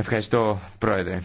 Ευχαριστώ, Πρόεδρε.